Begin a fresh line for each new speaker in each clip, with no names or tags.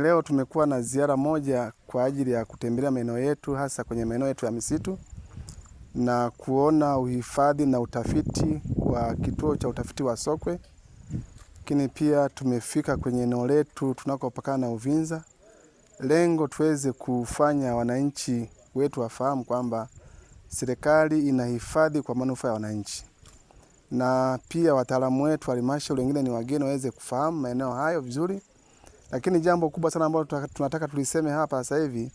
Leo tumekuwa na ziara moja kwa ajili ya kutembelea maeneo yetu hasa kwenye maeneo yetu ya misitu na kuona uhifadhi na utafiti wa kituo cha utafiti wa Sokwe. Lakini pia tumefika kwenye eneo letu tunakopakana na Uvinza, lengo tuweze kufanya wananchi wetu wafahamu kwamba serikali inahifadhi kwa manufaa ya wananchi, na pia wataalamu wetu halmashauri wengine ni wageni waweze kufahamu maeneo hayo vizuri lakini jambo kubwa sana ambalo tunataka tuliseme hapa sasa hivi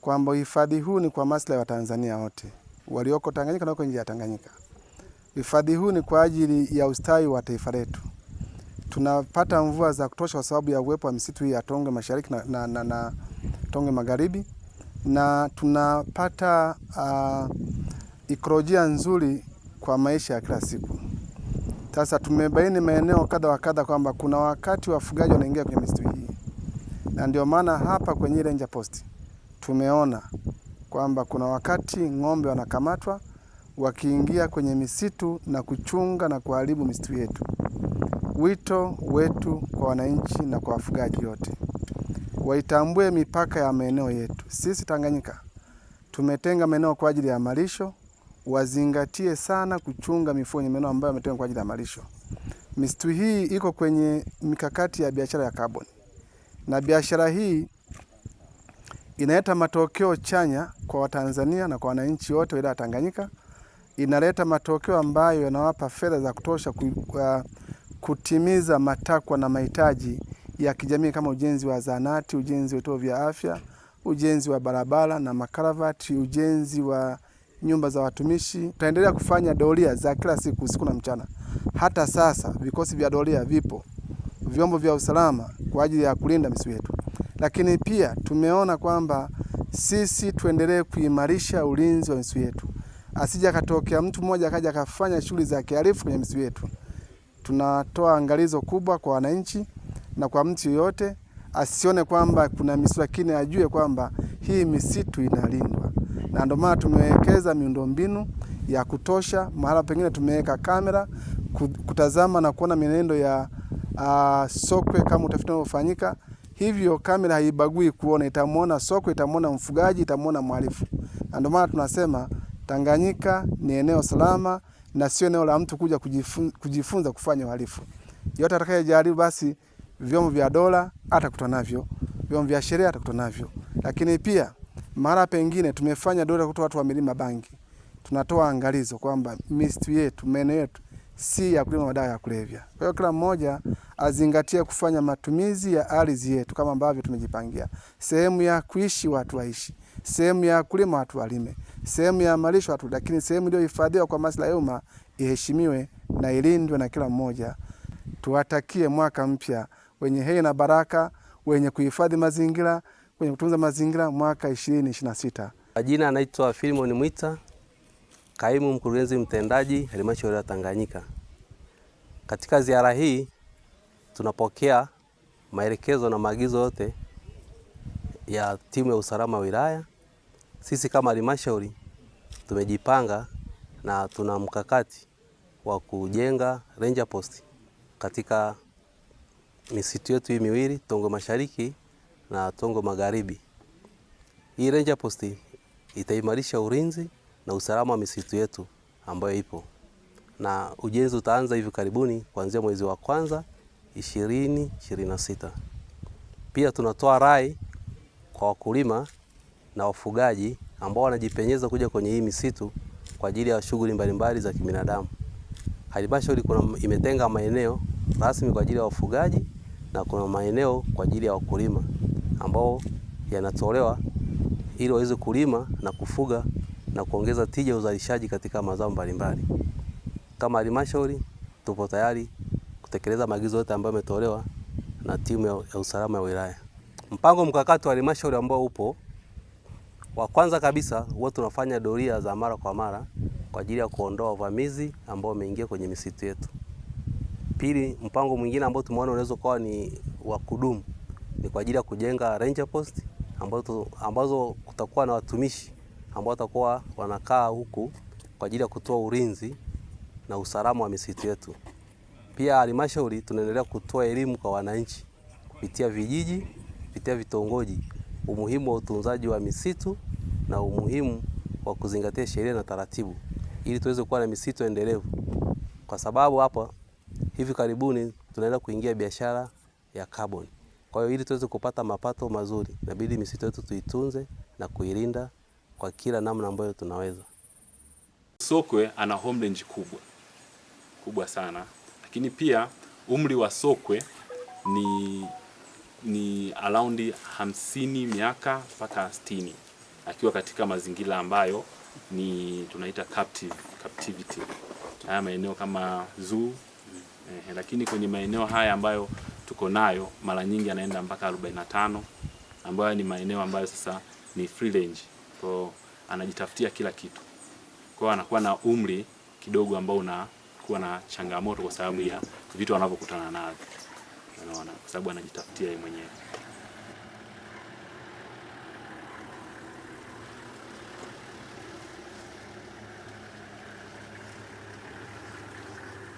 kwamba uhifadhi huu ni kwa maslahi ya Watanzania wote walioko Tanganyika na wako nje ya Tanganyika. Uhifadhi huu ni kwa ajili ya ustawi wa taifa letu. Tunapata mvua za kutosha kwa sababu ya uwepo wa misitu hii ya Tongwe Mashariki na, na, na, na Tongwe Magharibi na tunapata uh, ikolojia nzuri kwa maisha ya kila siku. Sasa tumebaini maeneo kadha wa kadha kwamba kuna wakati wafugaji wanaingia kwenye misitu hii, na ndio maana hapa kwenye ranger post tumeona kwamba kuna wakati ng'ombe wanakamatwa wakiingia kwenye misitu na kuchunga na kuharibu misitu yetu. Wito wetu kwa wananchi na kwa wafugaji wote waitambue mipaka ya maeneo yetu. Sisi Tanganyika tumetenga maeneo kwa ajili ya malisho wazingatie sana kuchunga mifugo yenye meno ambayo yametengwa kwa ajili ya malisho. Misitu hii iko kwenye mikakati ya biashara ya kaboni, na biashara hii inaleta matokeo chanya kwa Watanzania na kwa wananchi wote wa Tanganyika. Inaleta matokeo ambayo yanawapa fedha za kutosha uh, kutimiza matakwa na mahitaji ya kijamii kama ujenzi wa zahanati, ujenzi wa vituo vya afya, ujenzi wa barabara na makaravati, ujenzi wa nyumba za watumishi. Tutaendelea kufanya doria za kila siku usiku na mchana. Hata sasa vikosi vya doria vipo, vyombo vya usalama kwa ajili ya kulinda misitu yetu, lakini pia tumeona kwamba sisi tuendelee kuimarisha ulinzi wa misitu yetu, asija katokea mtu mmoja akaja akafanya shughuli za kihalifu kwenye misitu yetu. Tunatoa angalizo kubwa kwa wananchi na kwa mtu yoyote asione kwamba kuna misitu, lakini ajue kwamba hii misitu inalindwa, na ndio maana tumewekeza miundombinu ya kutosha. Mahala pengine tumeweka kamera kutazama na kuona mienendo ya uh, sokwe kama utafiti unaofanyika Hivyo kamera haibagui kuona, itamwona sokwe, itamwona mfugaji, itamwona mhalifu. Na ndio maana tunasema Tanganyika ni eneo salama na sio eneo la mtu kuja kujifunza, kujifunza kufanya uhalifu. Yote atakayejaribu basi vyombo vya dola atakutana navyo, vyombo vya sheria atakutana navyo. Lakini pia mara pengine tumefanya dola kutoa watu wa milima bangi, tunatoa angalizo kwamba misitu yetu, maeneo yetu si ya kulima madawa ya kulevya. Kwa hiyo kila mmoja azingatie kufanya matumizi ya ardhi yetu kama ambavyo tumejipangia. Sehemu ya kuishi watu waishi, sehemu ya kulima watu walime, sehemu ya malisho watu, lakini sehemu iliyohifadhiwa kwa maslahi ya umma iheshimiwe na ilindwe na kila mmoja. Tuwatakie mwaka mpya wenye heri na baraka, wenye kuhifadhi mazingira kwenye kutunza mazingira mwaka 2026.
Jina anaitwa Filimon Mwita, kaimu mkurugenzi mtendaji halmashauri ya Tanganyika. Katika ziara hii tunapokea maelekezo na maagizo yote ya timu ya usalama wilaya. Sisi kama halmashauri tumejipanga na tuna mkakati wa kujenga ranger post katika misitu yetu hii miwili Tongwe Mashariki na Tongo Magharibi. Hii ranger post itaimarisha ulinzi na usalama wa misitu yetu ambayo ipo na ujenzi utaanza hivi karibuni kuanzia mwezi wa kwanza 2026. Pia tunatoa rai kwa wakulima na wafugaji ambao wanajipenyeza kuja kwenye hii misitu kwa ajili ya shughuli mbalimbali za kibinadamu. Halmashauri kuna imetenga maeneo rasmi kwa ajili ya wafugaji na kuna maeneo kwa ajili ya wakulima ambao yanatolewa ili waweze kulima na kufuga na kuongeza tija ya uzalishaji katika mazao mbalimbali. Kama halmashauri tupo tayari kutekeleza maagizo yote ambayo yametolewa na timu ya usalama ya wilaya. Mpango mkakati wa halmashauri ambao upo wa kwanza kabisa, huwa tunafanya doria za mara kwa mara kwa ajili ya kuondoa wavamizi ambao wameingia kwenye misitu yetu. Pili, mpango mwingine ambao tumeona unaweza kuwa ni wa kudumu ni kwa ajili ya kujenga ranger post ambazo, ambazo kutakuwa na watumishi ambao watakuwa wanakaa huku kwa ajili ya kutoa ulinzi na usalama wa misitu yetu. Pia halmashauri tunaendelea kutoa elimu kwa wananchi kupitia vijiji, kupitia vitongoji, umuhimu wa utunzaji wa misitu na umuhimu wa kuzingatia sheria na taratibu ili tuweze kuwa na misitu endelevu, kwa sababu hapa hivi karibuni tunaenda kuingia biashara ya kaboni. Kwa hiyo ili tuweze kupata mapato mazuri, inabidi misitu yetu tuitunze na kuilinda kwa kila namna ambayo tunaweza.
Sokwe ana homeland kubwa kubwa sana, lakini pia umri wa sokwe ni ni around hamsini miaka mpaka 60 akiwa katika mazingira ambayo ni tunaita captive, captivity haya maeneo kama zoo eh, lakini kwenye maeneo haya ambayo tuko nayo mara nyingi anaenda mpaka 45 ambayo ni maeneo ambayo sasa ni free range. Kwa anajitafutia kila kitu. Kwa anakuwa na umri kidogo ambao unakuwa na changamoto kwa sababu ya vitu anavyokutana navyo. Unaona? Kwa sababu anajitafutia yeye mwenyewe.